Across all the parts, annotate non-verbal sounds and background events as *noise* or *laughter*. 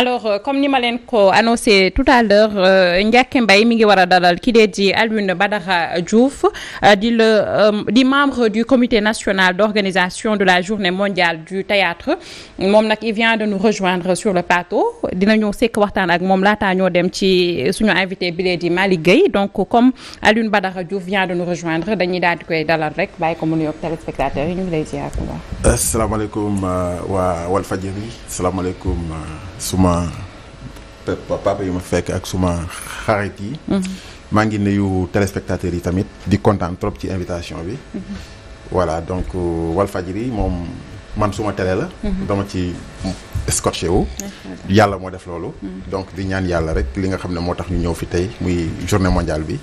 alors euh, comme ni ma leen ko annoncé tout à l'heure euh, Ndiacké mi ngi war a dalal ki dee di Alioune Badara Diouf euh, di le euh, di membre du comité national d'organisation de la journée mondiale du théâtre moom nag i vient de nous rejoindre sur le plateau dinañu sekk waxtaan ak moom laataa ñoo dem ci suñu invité bi lee di Malick Gueye donc comme Alioune Badara Diouf vient de nous rejoindre dañuy daal di koy dalal rek bàyyi ko mu nuyoog téléspectateurs yi ñu ngi lay ziar. asalaamaaleykum waa Walfadjri suma papa yi ma fekk ak suma xarit yi. Mm-hmm. maa ngi nuyu téléspectateurs yi tamit di kontaan trop ci invitation bi. Mm-hmm. voilà donc euh, Walfadjri moom man suma télé la. Mm-hmm. dama ci scotché wu. yàlla moo def loolu. donc di ñaan yàlla rek li nga xam ne moo tax ñu ñëw fi tey muy journée mondiale bi.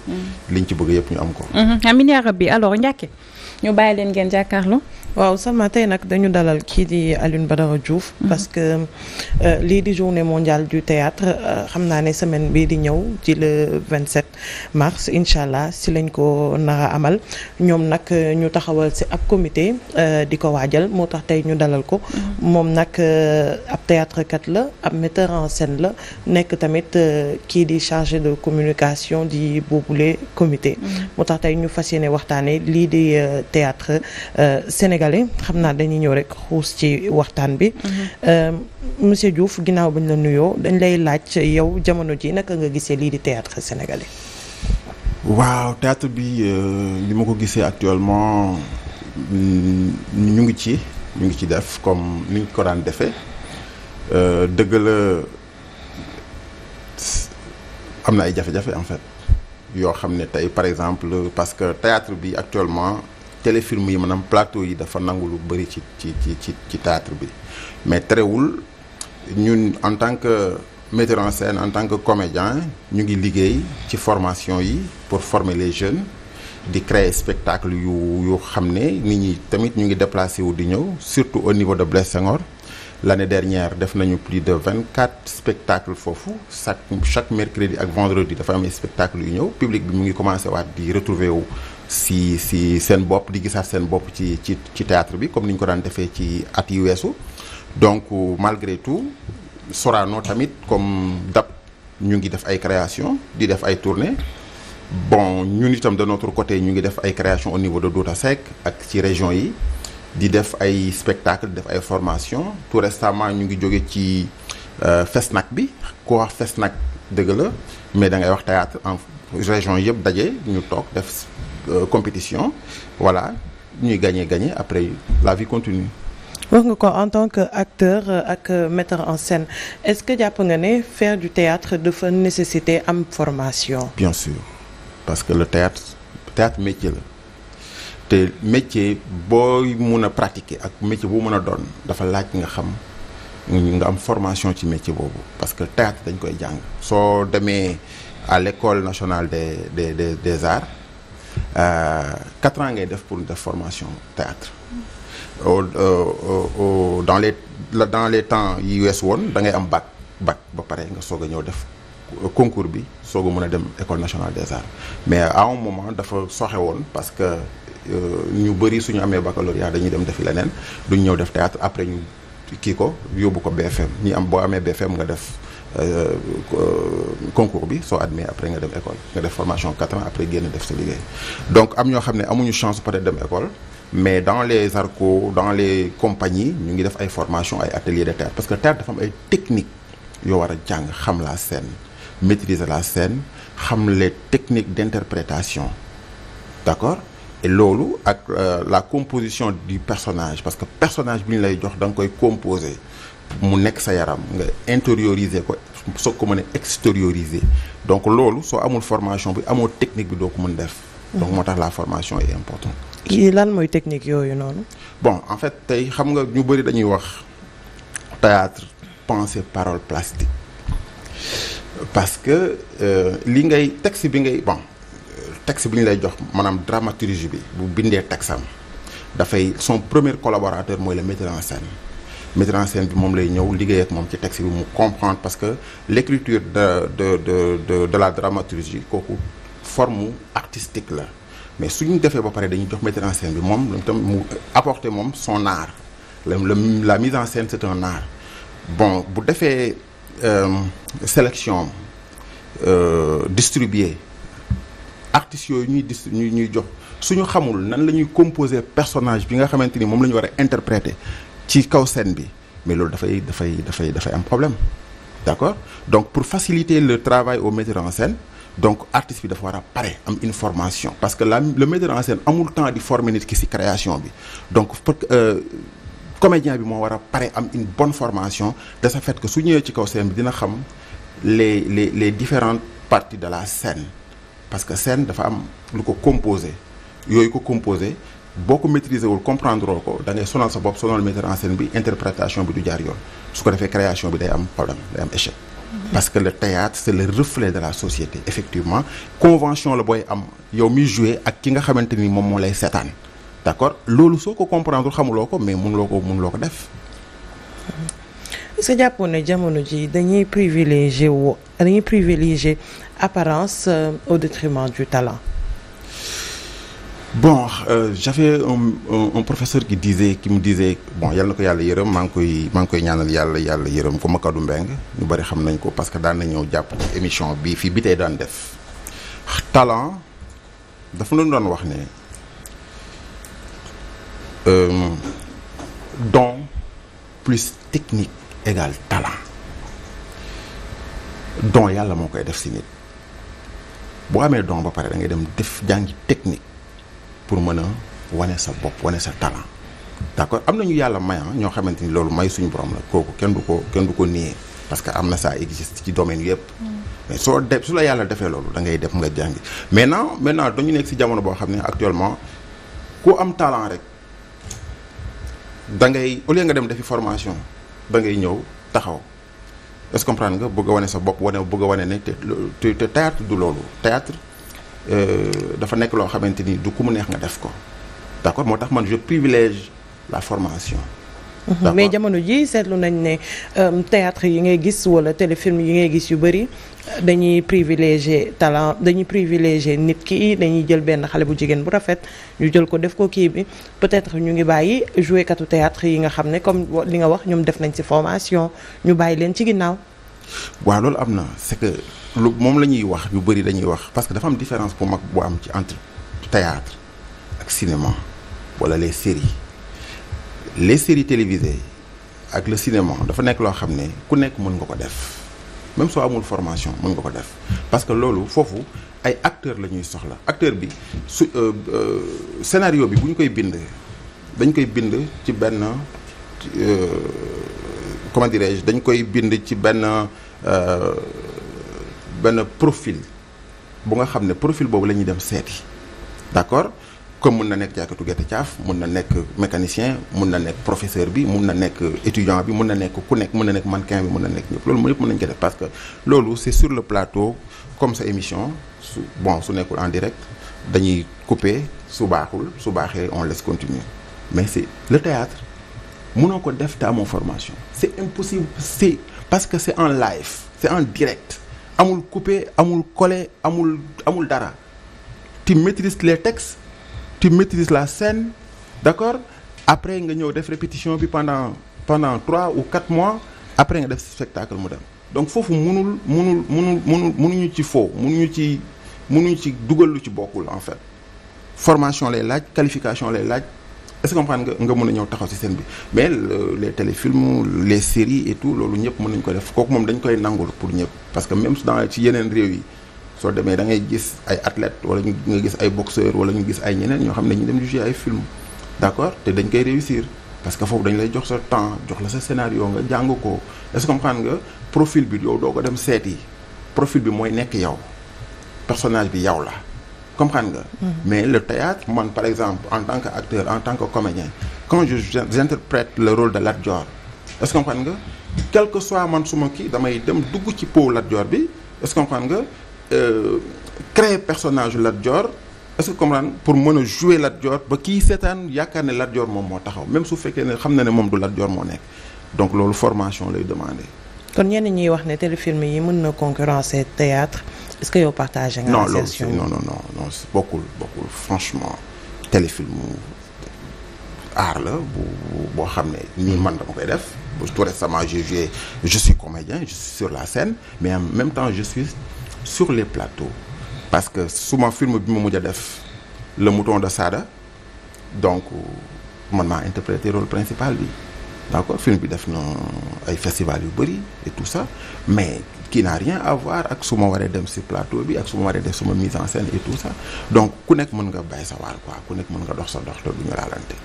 liñ ci bëgg yëpp ñu am ko. amiin yaa rabbi alors Ndiaké ñu bàyyi leen ngeen jàkkaarloo. waaw sama tey nag dañu dalal kii di Alioune Badara Diouf. Mhm. parce que euh, lii di journée mondiale du théâtre euh, xam naa ne semaine bii di ñëw ci le 27 mars incha allah si lañ ko nar amal ñoom nag euh, ñu taxawal si ab comité di ko waajal moo tax tey ñu dalal ko. Mhm. moom nag ab théâtre kat la ab metteur en scène la nekk tamit kii di chargé de communication di boobule comité. Mhm. moo tax tey ñu fas yéene waxtaanee lii di. théâtre euh, sénégalais xam naa dañuy ñëw rek xuus ci waxtaan bi. Mhm. Euh, monsieur Diouf ginnaaw bañ la nuyoo dañ lay laaj yow jamono ji naka nga gisee lii di théâtre sénégalais. waaw théâtre bi euh, li ma ko gisee actuellement ñu ngi ci ñu ngi ci def comme ni ko daan defe dëgg la am na ay jafe-jafe en fait yoo xam ne tey par exemple parce que théâtre bi actuellement. téléfilm yi maanaam plateau yi dafa nangu lu bëri ci ci ci ci théâtre bi mais terewul ñun en tant que metteur en scène en tant que comédien ñu ngi liggéey ci formation yi pour forme les jeunes di créer spectacle yu yu xam ne nit ñi tamit ñu ngi déplacé wu di ñëw surtout au niveau de Blaise la ne dernière def nañu plus de vingt quatre spectacle foofu chaque chaque mercredi ak vendredi dafa am spectacle yu ñëw public bi mu ngi commencé waat di retrouver wu si si seen bopp di gisaat seen bopp ci ci ci théâtre bi comme ni ñu ko daan defee ci at yi weesu donc malgré tout Sorano tamit comme dab ñu ngi def ay création di def ay tournée bon ñun itam de notre côté ñu ngi def ay création au niveau de Douta Seck ak ci région yi di def ay spectacle di def ay formation tout récemment ñu ngi jóge ci euh, Fesnac bi ko wax Fesnac dëgg la mais da ngay wax théâtre en région yëpp daje ñu toog def Euh, compétition voilà ñuy gagné gagné après la vie continue. wax nga ko en tant que acteur euh, ak euh, metteur en scène est-ce que jàpp nga ne faire du théâtre dafa nécessité am formation. bien sûr parce que le théâtre théâtre métier la te métier booy mun a pratiquer ak métier bu mën a doon dafa laaj nga xam nga am formation ci métier boobu parce que théâtre dañ koy jàng. soo demee à l'école nationale des des des des arts. Euh, quatre ans ngay def pour def formation théâtre euh, dans les dans les temps yi wees woon da ngay am bac bac ba pare nga soog a ñëw def concours bi soog a mën a dem école nationale des arts mais à un moment dafa soxe woon parce que euh, ñu bëri suñu amee baccalauréat dañuy dem defi leneen duñ ñëw def théâtre après ñu kii ko yóbbu ko BFM ñu am boo amee BFM nga def Euh, concours bi soo admis après nga dem école nga def formation 4 ans après génn def sa liggéey donc am ñoo xam ne amuñu chance peut-être dem école mais dans les arcos dans les compagnies ñu ngi def ay formation ay atelier de théâtre parce que théâtre dafa am ay technique yoo war a jàng xam la scène maîtriser la scène xam les techniques d'interprétation d'accord et loolu ak euh, la composition du personnage parce que personnage bi ñu lay jox da nga koy composer mu nekk sa yaram nga intérioriser ko soo ko mën a extérioriser donc loolu soo amul formation bi amoo technique bi doo ko mën def. donc moo tax la formation important kii lan mooy technique yooyu noonu. bon en fait tey xam nga ñu bëri dañuy wax théâtre pensée parole plastique parce que euh, li ngay texte bi ngay bon texte bi ñu lay jox maanaam dramaturgie bi bu bindee texam dafay son premier collaborateur mooy le metteur en scène. metteur en scène bi moom lay ñëw liggéey ak moom ci texte bi mu comprendre parce que l'écriture de de de de de la dramaturgie kooku forme artistique la mais suñu defee ba pare dañuy jox metteur en scène bi moom lu tam mu apporter moom son art la la mise en scène c'est bon bu defee euh, sélection am euh, distribuer artistes yooyu ñuy ñuy jox suñu xamul nan la ñuy composer personnage bi nga xamante ni moom la ñu war a interpréter ci kaw scène bi mais loolu dafay dafay dafay dafay am problème d'accord donc pour faciliter le travail au metteur en scène donc artiste bi dafa war a pare am une formation parce que la le metteur en scène amul temps di former nit ki ci création bi donc pour euh, comédien bi moo war a pare am une bonne formation de ce fait que su ñëwee ci kaw scène bi dina xam les les les différentes parties de la scène parce que seen dafa am lu ko composé yooyu ko composé boo ko maîtriser wul comprendre ko da ngay sonal sa bopp sonal metteur en scène bi interprétation bi du jaar yoon su ko defee création bi day am problème day am échec mhm. parce que le théâtre c'est le reflet de la société effectivement convention la booy am yow mi jouer ak ki nga xamante ni moom moo lay seetaan d'accord loolu soo ko comprendre xamuloo ko mais mënuloo ko mënuloo ko def est-ce jàppoon ne jamono ji dañuy privilégier wo dañuy privilégier apparence euh, au détriment du bon euh, j'avais un, un, un professeur qui disait qui me bon yàlla na ko yàlla yërëm maa ngi koy maa ngi koy ñaanal yàlla yàlla yërëm ko Makadou Mbengue ñu bari xam nañ ko parce que daan na ñëw jàpp émission bi fii bi tey daan def talent dafa doon doon wax ne euh, don plus technique égale talent don yàlla moo koy def si nit boo amee don ba pare da ngay dem def jàngi technique pour mën a wane sa bopp wane sa talent d'accord am nañu yàlla may ah, ñoo xamante ni loolu may suñu borom la kooku kenn du ko kenn du ko nii parce que am na sa existe ci domaine yëpp. Mm. mais soo def su la yàlla defee loolu da ngay def nga jàngi maintenant maintenant dañu nekk ci jamono boo xam ne actuellement ku am talent rek da ngay au nga dem defi formation ba ngay ñëw taxaw est-ce nga bëgg wane sa bopp wane bëgg wane ne te te théâtre du loolu théâtre Euh, dafa nekk loo xamante ni du ku mu neex nga def ko d'accord moo tax man je privilège la formation. Mhm. d'accord mais jamono ji seetlu nañ ne euh, théâtre yi ngay gis wala téléfilm yi ngay gis yu bëri dañuy privilégier talent dañuy privilégier nit ki dañuy jël benn xale bu jigéen bu rafet ñu jël ko def ko kii bi peut-être ñu ngi bàyyi joué katu théâtre yi nga xam ne comme li nga wax ñoom def nañ ci formation ñu bàyyi leen ci ginnaaw. waaw loolu am na c'est que moom la ñuy wax yu bëri dañuy wax parce que dafa am différence bu mag bu am ci entre théâtre ak cinéma wala les séries les séries télévisées ak le cinéma dafa nekk loo xam ne ku nekk mën nga ko def même soo amul formation mën nga ko def parce que loolu foofu ay acteur la ñuy soxla acteur bi su euh, euh, bi bu ñu koy bind dañ koy bind ci benn euh, comment dirais-je dañ koy bind ci benn euh, benn profil bu nga xam ne profil boobu la ñuy dem seeti d'accord comme mun na nekk jaaykatu gerte caaf mun na nekk mécanicien mun na nekk professeur bi mun na nekk étudiant bi mun na nekk ku nekk mun na nekk mannequin bi mun na nekk ñëpp loolu mu yëpp mën na ko def parce que loolu c'est sur le plateau comme sa émission su bon su nekkul en direct dañuy couper su baaxul su baaxee on laisse continuer mais c'est le théâtre mënoo ko def te amoo formation c'est impossible c'est parce que c'est en live c'est en direct amul coupé amul collé amul amul dara tu maîtrises les textes tu maîtrises la scène d'accord après nga ñëw def répétition bi pendant pendant trois ou quatre mois après nga def spectacle mu dem donc foofu mënul mënul mënul mënul mënuñu ci faux mënuñu ci mënuñu ci dugal lu ci bokkul en fait formation lay laaj qualification lay laaj est-ce nga mun a ñëw taxaw si seen bi mais le téléfilms les séries et tout loolu ñëpp mën nañu ko def kooku moom dañ koy nangul pour ñëpp parce que même dans ci yeneen réew yi soo demee da gis ay athlètes wala ñu nga gis ay boxeurs wala ñu gis ay ñeneen ñoo xam ne ñu dem jugé ay film d'accord te dañ koy réussir parce que foofu dañ lay jox sa temps jox la sa scénario nga jàng ko est-ce nga profil bi doo ko dem seet yi profil bi mooy nekk yow personnage bi yow la. comprendre nga. Mm-hmm. mais le théâtre man par exemple en tant que acteur en tant que comédien quand de Lat Dior est-ce que comprendre nga quel que soit man suma kii damay dem dugg ci peau Lat Dior bi est-ce que comprendre nga euh, créer personnage Lat Dior est-ce que comprendre pour mën a jouer Lat Dior ba kii seetaan yaakaar ne Lat Dior moom moo taxaw même su fekkee ne xam na ne moom du Lat Dior moo nekk donc loolu formation lay demander. kon ñenn ñiy wax ne téléfilm yi mën na concurrencer est-ce que yow partagé nga. non loolu non non non non bokkul bokkul franchement téléfilm aar la bu boo xam ne nii man dama koy def tout récemment j'ai joué je suis comédien je sur la scène mais en même temps je sur les plateaux parce que suma film bi ma mujj a def le mouton de Sada donc man maa interprété rôle principal bi d'accord film bi def na ay festival yu bëri et tout ça qui n'a rien ak su ma waree dem si plateau bi ak su ma waree def sama mise en scène et tout ça donc ku nekk mën nga bàyyi sa waar quoi ku nekk mën nga dox sa dox te du laalante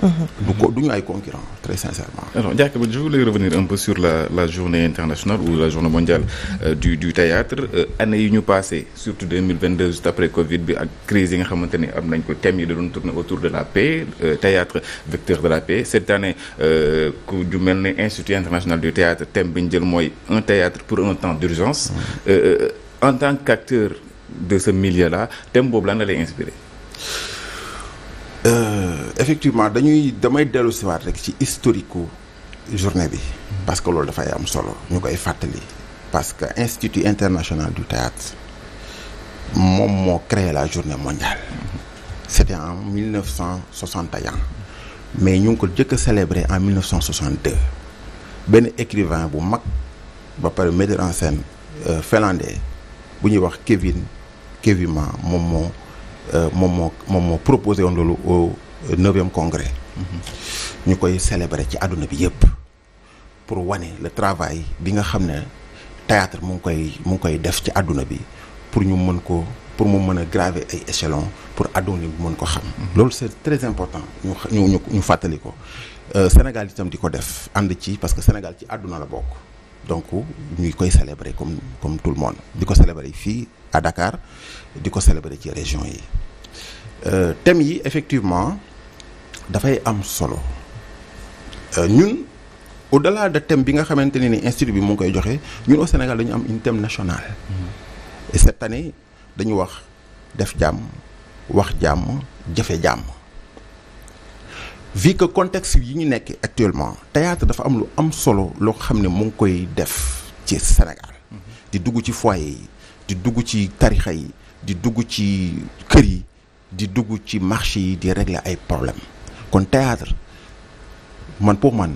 du ko du ñu ay concurrent très sincèrement. alors Diack Ba je voulais revenir un peu sur la journée internationale ou la journée mondiale euh, du théâtre euh, année yi ñu passé surtout 2022 juste après Covid bi ak crise yi nga xamante ni am nañ ko thèmes yi da doon tourner autour de la paix euh, théâtre vecteur de la paix cette année euh, ku ju mel ne institut international du théâtre thème bi ñu jël mooy un théâtre pour un temps d'urgence mm. euh, en tant qu'acteur de ce milieu là thème boobu lan la lay inspiré Euh, effectivement dañuy damay dellu siwaat rek ci historique journée bi parce que loolu dafay am solo ñu koy fàttali parce que institut international du théâtre moom moo créer la journée mondiale c'était en 1961 mais ñu ngi ko jëkk a célébré en 1962 benn écrivain bu mag ba pare metteur en scène euh, finlandais bu ñuy wax Kevin Kevima moom moo Euh, moom moo moom moo proposé woon loolu au neuvième congrès ñu koy célébrer ci àdduna bi yëpp pour wane le travail bi nga xam ne théâtre mu ngi koy mu ngi koy def ci àdduna bi pour ñu mën ko pour mu mën a graver ay échelons pour àdduna bi mën ko xam loolu c'est très important ñu ñu ñu fàttali ko euh, Sénégal itam di ko def ànd ci parce que Sénégal ci àdduna la bokk donc ñuy koy célébrer comme comme tout le monde di ko célébrer fii à Dakar di ko célébrer ci région yi euh, thèmes yi effectivement dafay am solo euh, ñun au-delà de thème bi nga xamante ne ni institut bi mu ngi koy joxe ñun au Sénégal dañu am une thème nationale mm-hmm. et année dañu wax def jàmm wax jàmm jafe jàmm vu que contexte yi ñu nekk actuellement théâtre dafa am lu am solo loo xam ne mu ngi koy def ci Sénégal mm-hmm. di dugg ci foyer yi di dugg ci tarixa yi di dugg ci kër yi di dugg ci marché yi di régler ay problème kon théâtre man pour man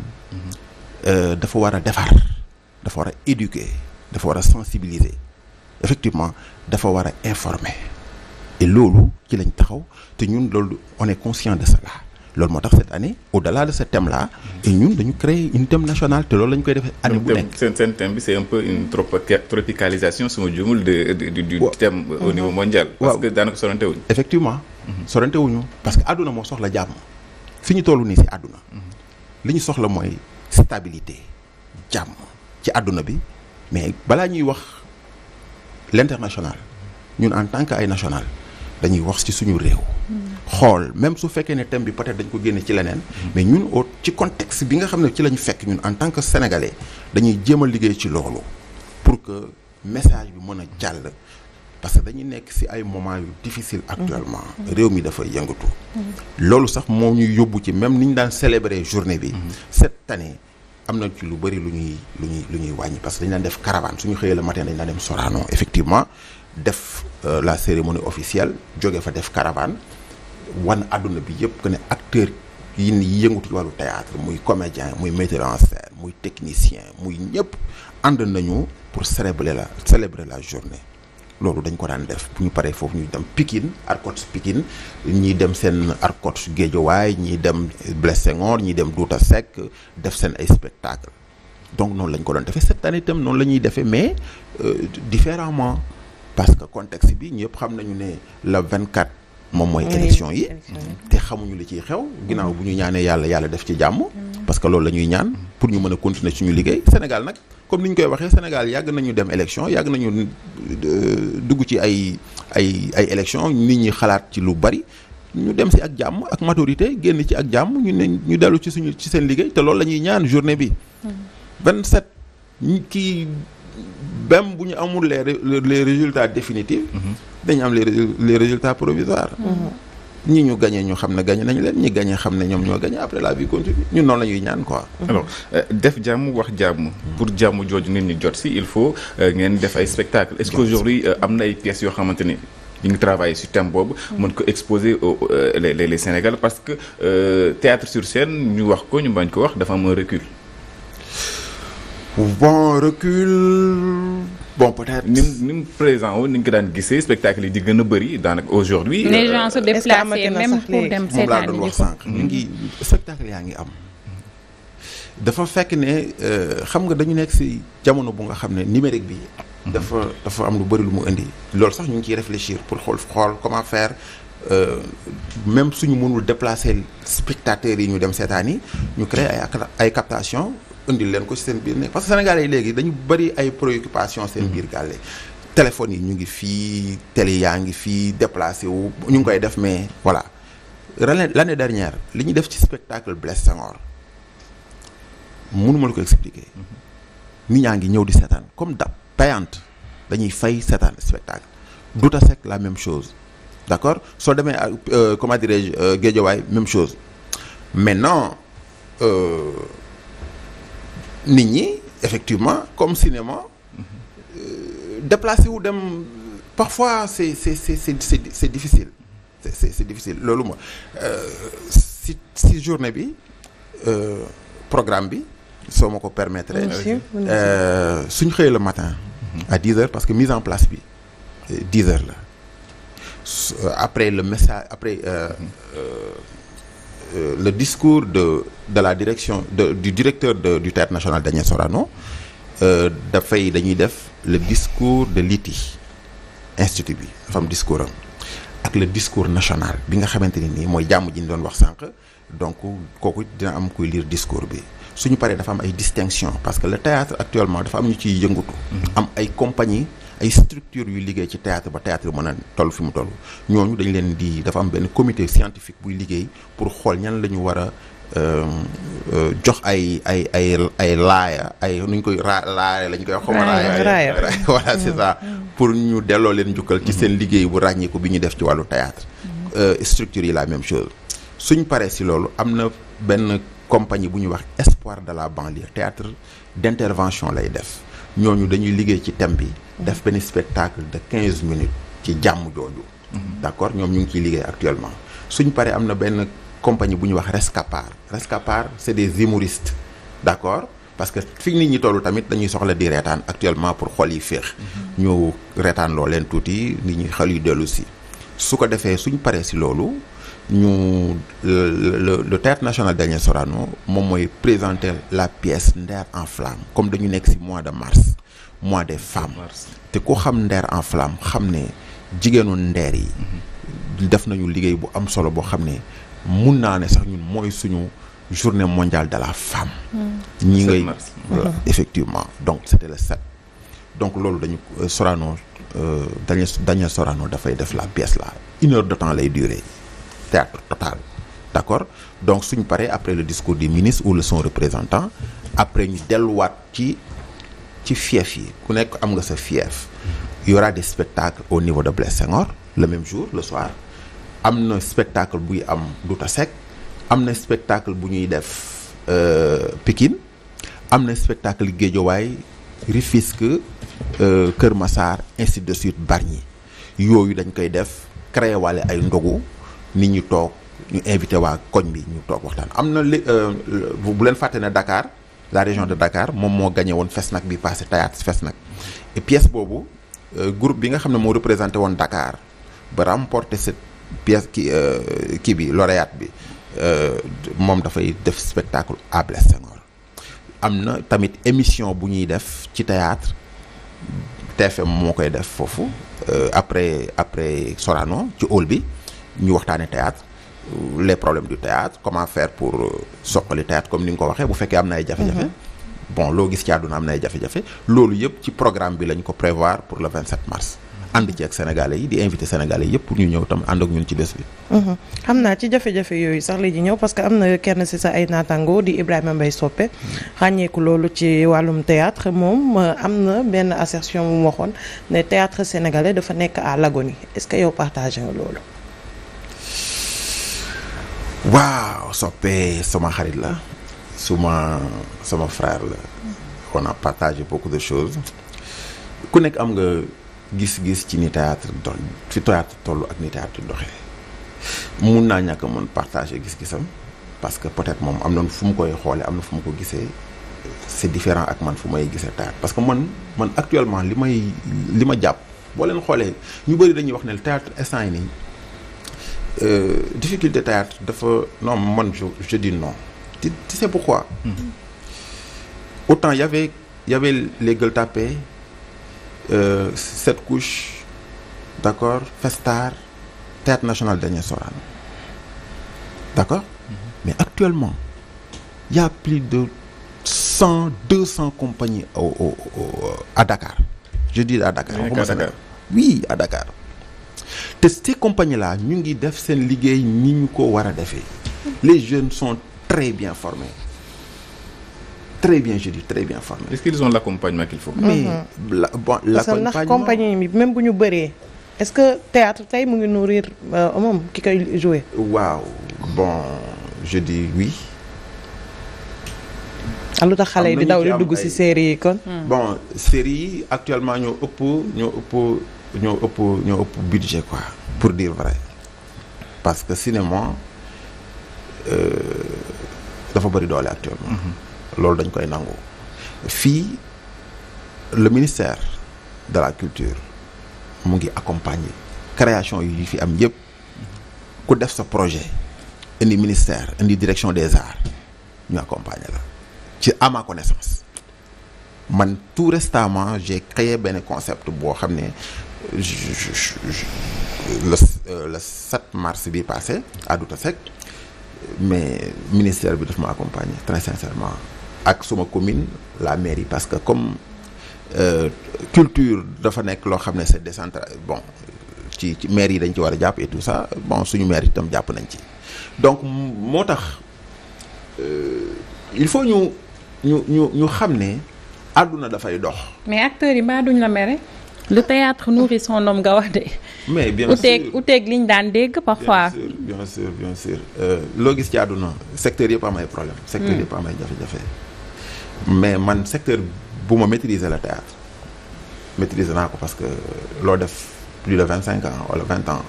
euh, dafa war a defar dafa war a éduquer dafa war a sensibiliser effectivement dafa war a informer et loolu ci lañ taxaw te ñun loolu on est conscient de cela loolu moo tax cette année au delà de ce thème là. et ñun dañu créer une thème nationale te loolu la ñu koy defee année bu nekk. seen seen thème bi c'est un peu une tropicalisation suma jumul de du du thème. au niveau mm-hmm. parce que daanaka sorante wuñu. effectivement. Mm-hmm. sorante parce que àdduna moo soxla jàmm. fi ñu toll nii si àdduna. Mm-hmm. li ñu soxla mooy stabilité. jàmm ci àdduna bi mais balaa ñuy wax l'international ñun en tant que ay national. dañuy wax ci suñu réew. xool même su fekkee ne thème bi peut-être dañ ko génne ci leneen. mais ñun au ci contexte bi nga xam ne ci lañu fekk ñun en tant que sénégalais dañuy jéem a liggéey ci loolu pour que message bi mën a jàll. parce que dañu nekk ci ay moment yu difficile actuellement mm-hmm. réew mi dafa yëngatu mm-hmm. loolu sax moo ñuy yóbbu ci même ni ñu daan célébrer journée bi mm-hmm. cette année am na ci lu bëri lu ñuy lu ñuy lu ñuy wàññi parce que dañu daan def caravane suñu xëyee le matin dañu dem Sorano effectivement def euh, la cérémonie officielle joge fa def caravane wan àdduna bi yëpp que ne acteur yi ni yëngutu ci wàllu théâtre muy comédien muy metteur en scène muy technicien muy ñëpp ànd nañu pour célébrer la célébrer la journée loolu dañ ko daan def bu ñu paree foofu ñu dem Pikine Arcos Pikine ñi dem seen Arcos Guédiawaye ñi dem Blaise Senghor ñi dem duta Seck def seen ay spectacle donc noonu lañ ko doon defee cette année itam noonu la ñuy defee mais euh, différentment parce que contexte bi ñëpp xam nañu ne la le 24 moom mooy élection yi te xamuñu li ciy xew ginnaaw bu ñu ñaanee yàlla yàlla def ci jàmm mm. parce que loolu la ñaan pour ñu mën a continuer suñu liggéey Sénégal nag comme ni ñu koy waxee Sénégal yàgg nañu dem élection yàgg nañu euh, dugg ci ay ay ay élection nit ñi xalaat ci lu bari ñu dem si ak jàmm ak maturité génn ci ak jàmm ñu ne ñu dellu ci suñu ci seen liggéey te loolu la ñuy ñaan journée bi 27 mm. kii même bu ñu amul les les résultats définitifs mhm. dañu am les résultat résultats mhm. ñi ñu gañee ñu xam ne gagné nañ leen ñi gagné xam ne ñoom ñoo gagné après la vie continue ñun noonu la ñuy ñaan ko mhm. alors euh, def jàmm wax jàmm. pour jàmm jooju nit ñi jot si il faut euh, ngeen def ay spectacle est-ce qu'aujourd'hui euh, am na ay pièces yoo xamante ni. ñu ngi travailler sur thème boobu. mën ko exposer les les Sénégalais parce que théâtre sur scène ñu wax ko ñu bañ ko wax dafa am un recul. bon recul. bon peut-être ni mu ni mu présent woon ni ñu ko daan gisee spectacle yi di gën a bëri daanaka aujourd'hui les euh, gens se déplacent même pour dem moom laa sànq ñu ngi mm-hmm. spectacle yaa ngi am mm-hmm. dafa fekk ne euh, xam nga dañu nekk ci jamono bu nga xam ne numérique bi mm-hmm. dafa dafa am lu bëri lu mu indi loolu sax ñu ngi ciy réfléchir pour xool xool comment faire Euh, même suñu mënul déplacer spectateurs yi ñu dem seetaan ñu créer ay ay captation indil leen ko ci seen biir ne parce que yi léegi dañu bëri ay préoccupations seen biir gàlle téléphones yi ñu ngi fii télé yaa ngi fii déplacé wu ñu ngi koy def mais voilà ren l'année dernière li ñu def ci spectacle Blaise Senghor mënuma la ko expliquer nit ñaa ngi ñëw di seetaan comme da payante dañuy fay seetaan spectacle Douta Seck la même chose d'accord soo demee ak euh, comment dirais-je euh, Guédiawaye même chose maintenant euh, nit ñi effectivement comme cinéma euh, déplacé wu dem parfois c'est c'est c'est c'est difficile c'est c'est difficile loolu mooy euh, si si journée bi euh, programme bi soo ma ko permettre suñ xëyee le matin à 10 heures parce que mise en place bi 10 heure la après le message après euh, le discours de de la direction de du directeur de du théâtre national Daniel Sorano euh, dafay dañuy def le discours de l'ITI institut bi dafa am discours ak le discours national bi nga xamante ni nii mooy jàmm ji ñu doon wax sànq donc kooku dina am kuy liir discours bi suñu paree dafa am ay distinction parce que le théâtre actuellement dafa am ñu ciy yëngutu am ay compagnie ay structure yu liggéey ci théâtre ba théâtre mën a toll fi mu toll ñooñu dañ leen di dafa am benn comité scientifique buy liggéey pour xool ñan la ñu war a euh, euh, jox ay ay ay ay laaya ay nu ñu koy ra laaya lañ koy xaw ma laaya *laughs* voilà c'est ça mm. Mm. pour ñu delloo leen njukkal ci seen mm-hmm. liggéey bu ràññeeku bi ñu def ci wàllu théâtre mm-hmm. euh, structure yi la même chose suñ paree si loolu am na benn compagnie bu ñuy wax Espoir de la banlieue théâtre d'intervention lay def ñooñu dañuy liggéey ci thème bi. def benn spectacle de quinze minutes ci jàmm jooju. d' accord ñoom ñu ngi ciy liggéey actuellement suñ paree am na benn compagnie bu ñuy wax Rescapar Rescapar c' est des humoristes d' accord parce que fi nit ñi tollu tamit dañuy soxla di reetaan actuellement pour xol yi féex. ñu reetaan loo leen tuuti nit ñi xel yu dellu si. su ko defee suñ paree si loolu. ñu euh, le le théâtre national Daniel Sorano moom mooy présenter la pièce Nder en flame comme dañu nekk ci mois de mars mois des femmes te ku xam Nder en flamme xam ne jigéenu ndeer yi mm-hmm. def nañu liggéey bu am solo boo xam ne mun naa ne sax ñun mooy suñu journée mondiale de la femme mm. ñi ngay voilà mm-hmm. effectivement donc c'était le 7 donc loolu dañu euh, Sorano euh, Daniel Daniel Sorano dafay def la pièce la une de temps lay durer théâtre total d'accord donc suñ paree après le discours di ministre ou le son représentant après ñu delluwaat ci ci fief yi ku nekk am nga sa fief y de des spectacles au niveau de Blaise Senghor le même jour le soir am na spectacle buy am Douta Seck am na spectacle bu ñuy def euh, Pikine am na spectacle Guédiawaye Rufisque euh, Kër Massar ainsi de suite Bargny yooyu dañ koy def créé waale ay ndogu nit ñu toog ñu invité waa koñ bi ñu toog waxtaan am na li euh, bu leen fàtte ne Dakar la région de Dakar moom moo gagné woon nag bi passé Théâtre Fesnac nag pièce boobu euh, groupe bi nga xam ne moo représenté woon Dakar ba remporté cette pièce ki euh, kii bi lauréat bi moom dafay def spectacle à Blaise am na tamit émission bu ñuy def ci théâtre TFM moo koy def foofu après après Sorano ci hall bi ñu waxtaanee théâtre les problème du théâtre comment faire pour euh, soqali théâtre comme ni nga ko waxee bu fekkee am na ay jafe-jafe mhm. loo gis ci àdduna am na ay jafe loolu yëpp ci programme bi lañ ko prévoir pour le 27 mars ànd ci ak sénégalais yi di invité sénégalais yëpp pour ñu ñëw tam ànd ak ñun ci bés bi. Mhm. xam naa ci jafe-jafe yooyu sax la ji ñëw parce que am na kenn ci sa ay naataango di Ibrahima Mbaye Soppe xàññeeku loolu ci wàllum théâtre moom euh, am na benn assertion mu waxoon ne théâtre sénégalais dafa nekk à l'agonie est-ce que yow partagé loolu. waaw soppee sama xarit la su ma sama frère la on a partage beaucoup de choses ku nekk am nga gis-gis ci ni théâtre dox fi théâtre toll ak ni théâtre doxe mun naa ñàkk partage partagé gis-gisam parce que peut-être moom am na fu mu koy xoolee am na fu ma ko gisee c'est différent ak man fu may gisee théâtre parce que man man actuellement li may li ma jàpp boo leen xoolee ñu bëri dañuy wax ne théâtre instant yi Euh, difficulté théâtre dafa non man je je dis non tu sais pourquoi mm-hmm. autant y avait y avait les Gueule Tapée euh, Sept Couches d'accord Festar Théâtre National Daniel Sorano d'accord mm-hmm. mais actuellement y a plus de cent deux cents compagnies au, au, à Dakar je dis à Dakar. à Dakar oui à Dakar. te ces compagnies ñu ngi def seen liggéey ni ñu ko war a defee les jeunes son très bien formés très bien je dis très bien formés. est-ce mhm. la bon l'accompagnement parce ndax compagnie bi bu ñu bëree. est-ce que théâtre tey mu ngi nourrir moom euh, ki koy jouer. waaw bon je dis oui. Ah, lu tax xale yi di daw di dugg ci série yi kon. bon série yi actuellement ñoo ëpp ñoo ëpp. ñoo ëpp ñoo ëpp budget quoi pour dire vrai parce que cinéma euh, dafa bëri doole actuellement. Mhm. loolu dañ koy nangu. fii le ministère de la culture mu ngi accompagner création yi fi am yëpp ku def sa projet indi ministère indi direction des arts ñu accompagner la ci à connaissance man tout récemment j'ai créé benn concept boo xam ne. le euh, le 7 mars bi passé à Doutasek mais ministère bi daf ma accompagne très sincèrement ak suma commune la mairie parce que comme euh, culture dafa nekk loo xam ne c'est décentra bon ci ci maire yi dañ ci war a jàpp et tout ça bon suñu maire itam jàpp nañ ci donc moo tax euh, il faut ñu ñu ñu ñu xam ne àdduna dafay dox. mais acteurs yi ba duñ la mere. le théâtre nourrit son homme nga wax de. mais bien sûr uteeg liñ daan dégg parfois. bien sûr bien euh, loo gis ci àdduna secteur yëpp am ay problème secteur hmm. yëpp am jafe-jafe. mais man secteur bu ma maîtriser la théâtre maîtriser naa ko parce que loo def plus de vingt cinq ans wala vingt ans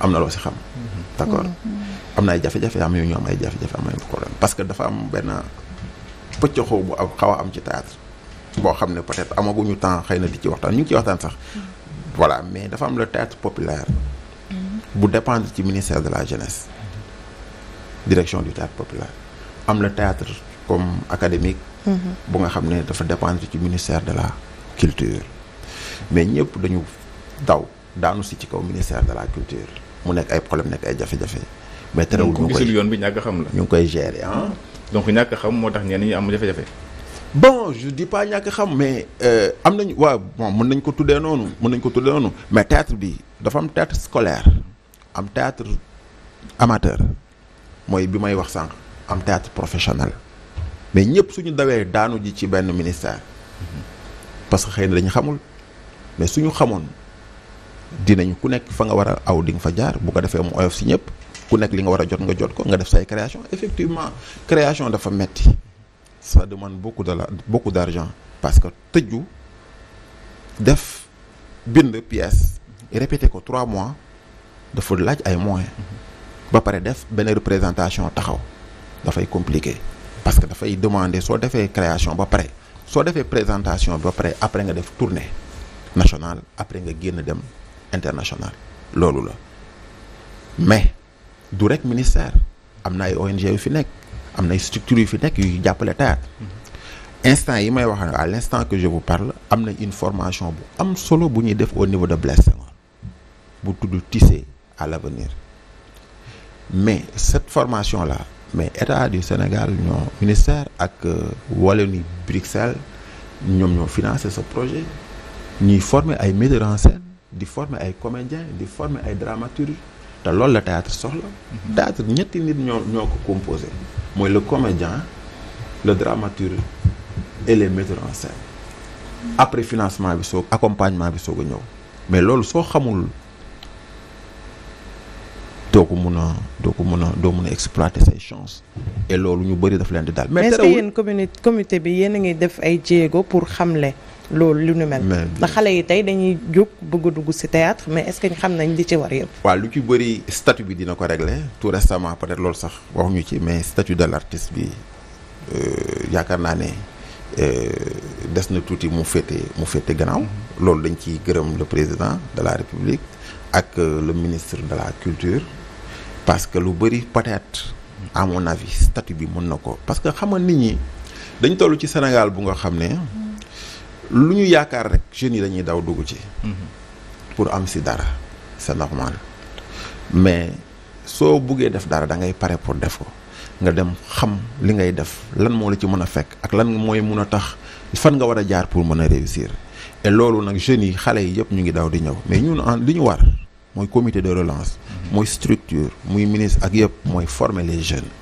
am na loo si xam. Hmm. d' hmm. am naa ay jafe-jafe am yu ñoom ay jafe-jafe am ay problème parce que dafa am benn pëcc xaw bu xaw a am ci théâtre boo xam ne peut-être amaguñu temps xëy na di ci waxtaan ñu ngi ci waxtaan sax voilà mais dafa am la théâtre populaire bu dépendre ci ministère de la jeunesse direction du théâtre populaire am le théâtre comme académique bu nga xam ne dafa dépendre ci ministère de la culture mais ñëpp dañu taw daanu si ci kaw ministère de la culture mu nekk ay problème nekk ay jafe-jafe mais terewul ñu ngi yoon bi ñàkk xam la ñu ngi koy gérer ah donc ñàkk xam moo tax ñenn ñi am jafe-jafe bon je dis pas ñàkk xam mais euh, am nañu waaw bon mën nañ ko tuddee noonu mën nañ ko tuddee noonu mais théâtre bi dafa am théâtre scolaire am théâtre amateur mooy bi may wax sànq am théâtre professionnel mais ñëpp suñu dawee daanu ji ci benn ministère parce que xëy na dañu xamul mais suñu xamoon dinañ ku nekk fa nga war a aw di nga fa jaar bu ko defee mu oyof si ñëpp ku nekk li nga war a jot nga jot ko nga def say création effectivement création dafa metti sa demande beaucoup de la beaucoup d'argent parce que tëju def bind pièce répété ko trois mois dafa laaj ay moyens ba pare def beneen représentation taxaw dafay compliqué parce que dafay demander soo defee création ba pare soo defee présentation ba pare après nga def tournée nationale après nga génn dem international loolu la mais du rek ministère am na ay ONG yu fi nekk am na structures yu fi nekk yu jàppale théâtre instant yi may wax à l' instant que je vous parle am na une formation bu am solo bu ñuy def au niveau de Blaise Senghor bu tudd tisser à l' mais cette formation la mais état du Sénégal ñoo ministère ak euh, ni Bruxelles ñoom ñoo financé sa projet ñuy former ay metteurs en scène di former ay comédiens di former ay dramature te loolu la théâtre soxla mhm. théâtre ñetti nit ñoo ñoo ko composé mooy le comédien le dramaturge et les metteurs en scène après financement bi soo accompagnement bi soog a ñëw mais loolu soo xamul doo ko mun a doo mun a doo mun a exploiter say chance et loolu ñu bëri daf leen di daal. mais est-ce que comité bi yéen ngi def ay jéego pour xamle loolu lu nu mel. ndax xale yi tey dañuy jóg bëgg dugg ci théâtre mais est-ce que xam nañ li ci war yëpp. waaw lu ci bëri statut bi dina ko régler tout récemment peut-être loolu sax waxuñu ci mais statut de l'artiste bi euh, yaakaar naa ne. Euh, des na tuuti mu féete mu féete gannaaw mm-hmm. loolu dañ ciy gërëm le président de la république ak euh, le ministre de la culture parce que lu bëri peut-être à mon avis statut bi mën na ko parce que xam nga nit ñi dañ toll ci Sénégal bu nga xam ne lu ñu yaakaar rek jeunes yi dañuy daw dugg ci. Mm-hmm. pour am si dara c'est normal mais soo buggee def dara da ngay pare pour def ko nga dem xam li ngay def lan moo la ci mën a fekk ak lan mooy mun a tax fan nga war a jaar pour mën a réussir et loolu nag jeunes yi xale yi yëpp ñu ngi daw di ñëw mais ñun li ñu war. mooy comité de relance mooy structure muy ministre ak yëpp mooy former les jeunes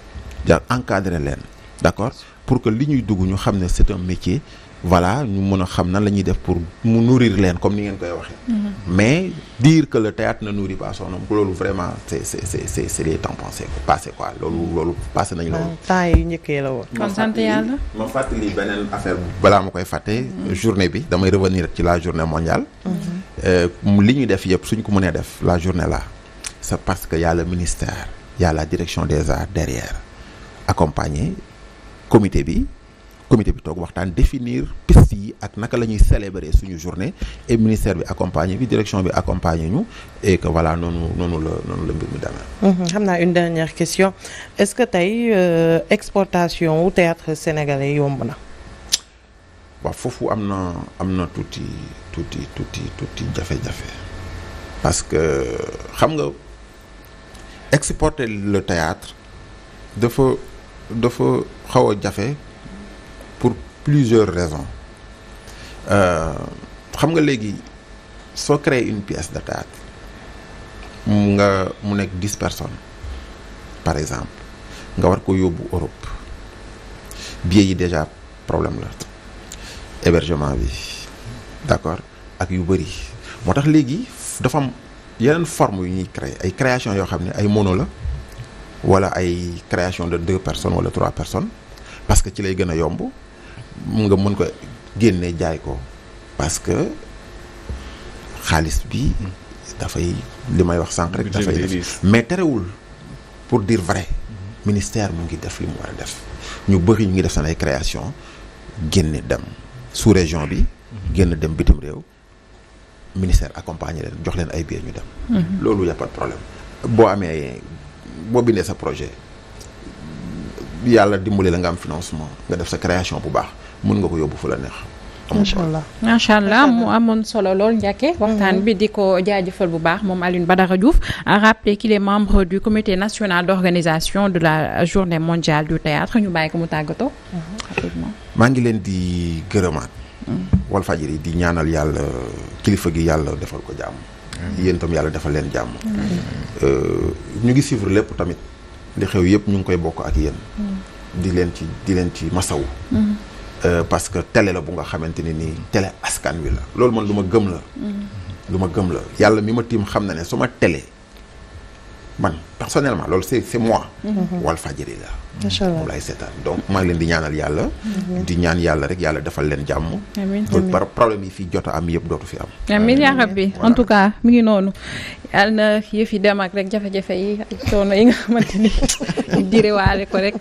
jaar encadrer leen d'accord pour que li ñuy dugg ñu xam ne c'est un métier voilà ñu mun a xam nan la ñuy def pour mu nourir leen comme ni ngeen koy waxee. Mm-hmm. mais dire que le na nouri nourrit pas son homme loolu vraiment c'est c'est c'est c'est les temps passés passé loolu loolu passé nañ loolu. temps yu njëkkee la woon. kon sant yàlla ma fàttali beneen affaire balaa ma koy fàtte. Mm-hmm. journée bi damay revenir ci la journée mondiale. Mm-hmm. Euh, li ñu def yëpp suñ ko mënee def la journée là c'est parce que yàlla a ministère y la direction des arts derrière accompagner comité bi. comité bi toog waxtaan définir piste yi ak naka la ñuy célébrer suñu journée et ministère bi accompagné bi direction bi accompagné ñu et que voilà noonu noonu la noonu la mbir mi demee. xam naa une dernière question est-ce que tey euh, exportation wu théâtre sénégalais yomb na. waaw foofu am na am na tuuti tuuti tuuti tuuti jafe-jafe parce que xam nga exporter le théâtre dafa dafa xaw a jafe. pour plusieurs raisons euh, xam nga léegi soo créer une pièce de théâtre mu nga mu nekk dix personnes par exemple nga war ko yóbbu Europe billet yi déjà problème la hébergement bi d'accord ak yu bëri moo tax léegi dafa am yeneen forme yu ñuy créer ay création yoo xam ne ay mono la wala ay création de deux personnes wala trois personnes parce que ci lay gën a yomb nga mën ko génne jaay ko parce que xaalis bi dafay li may wax sànq rek dafay def mais terewul pour diir vrai ministère mu ngi def li mu war a def ñu bëri ñu ngi def seen ay création génne dem sous région bi génn dem bitim réew ministère accompagner leen jox leen ay billets ñu dem mhm. loolu y problème boo amee boo bindee sa projet yàlla dimbali la nga am financement nga def sa création bu baax mun nga ko yóbbu fu la neex. macha allah macha allah mu amoon solo lool njàkke waxtaan mhm. bi di ko jaajëfal bu baax moom Alioune Badara Diouf a rappelé qu'il est membre du comité national d'organisation de la journée mondiale du théâtre ñu bàyyi ko mu tàggatoo. Mhm. maa ngi leen di gërëmaat. yi mhm. di ñaanal yàlla kilifa gi yàlla defal ko jàmm. yéen itam yàlla defal leen jàmm. Euh, ñu ngi suivre lépp tamit li xew yëpp ñu ngi koy bokk ak yéen. di leen ci di leen ci masawu. Euh, parce que télé la bu nga xamante ne nii télé askan wi la loolu man lu ma gëm la mm-hmm. lu ma gëm la yàlla mi ma tiim xam na ne su ma télé man personnellement loolu c'est c'est moi mm-hmm. Walfadjri la moom laay seetaan donc maa leen di ñaanal yàlla mm-hmm. di ñaan yàlla rek yàlla defal leen jàmm par problème yi fii jot a am yëpp dootu fi am amiin yaa rabbi en tout cas mi ngi noonu yàlla na yëf yi dem ak rek jafe-jafe yi ak coono yi nga xamante ni *laughs* direwaale ko rek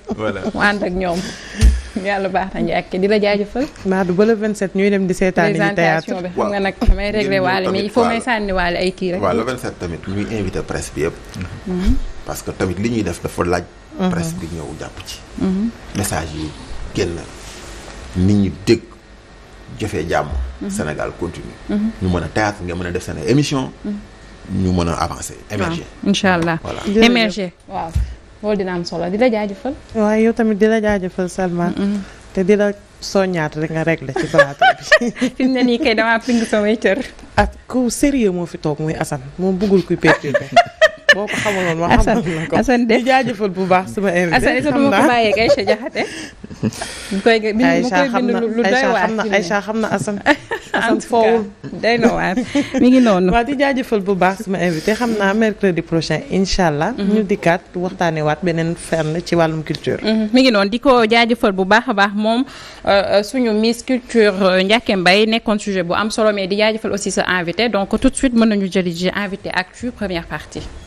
mu ànd ak ñoom *laughs* yàlla baax na Ndiakhate di la jaajëfal. Madou ba le 27 ñuy dem di seetaan ñu théâtre présentation bi xam nga nag damay réglé waale mais il faut may sànni waale ay kii rek. waaw le 27 tamit ñuy invité presse bi yëpp. Mhm. parce que tamit li ñuy def dafa laaj. Mhm. presse bi ñëw jàpp ci. Mhm. message yi génn nit ñu dégg jëfee jàmm. Sénégal continue ñu mën a théâtre nga mën a def seen émission. ñu mën a avancé émerger. incha allah émerger waaw. loolu dina am solo dina la jaajëfal. waaye yow tamit di la jaajëfal Salma. te di la soññaat rek nga réglé ci plateau bi. *laughs* fi ne nii kay damaa ping samay cër. ak ku sérieux moo fi toog muy Assane moom bëggul kuy perturbé. boo ko xamaloon ma xamal la ko Assane di jaajëfal bu baax sama invité Assane itam ma ko bàyyeeg Aïcha Diakhaté. mu lu doy waar Aïcha xam na Assane. *laughs* Assane foowul day na waar mi ngi noonu. waaw di jaajëfal bu baax sama invité xam naa mercredi prochain incha allah. Mhm. ñu dikkaat waxtaanee waat beneen fenn ci wàllum culture. Mhm. mi ngi noon di ko jaajëfal bu baax a baax moom euh, euh, suñu Miss Culture euh, Ndiaké Mbaye nekkoon sujet bu am solo mais di jaajëfal aussi sa invité donc tout de suite mën nañu jëli ji invité actu première partie.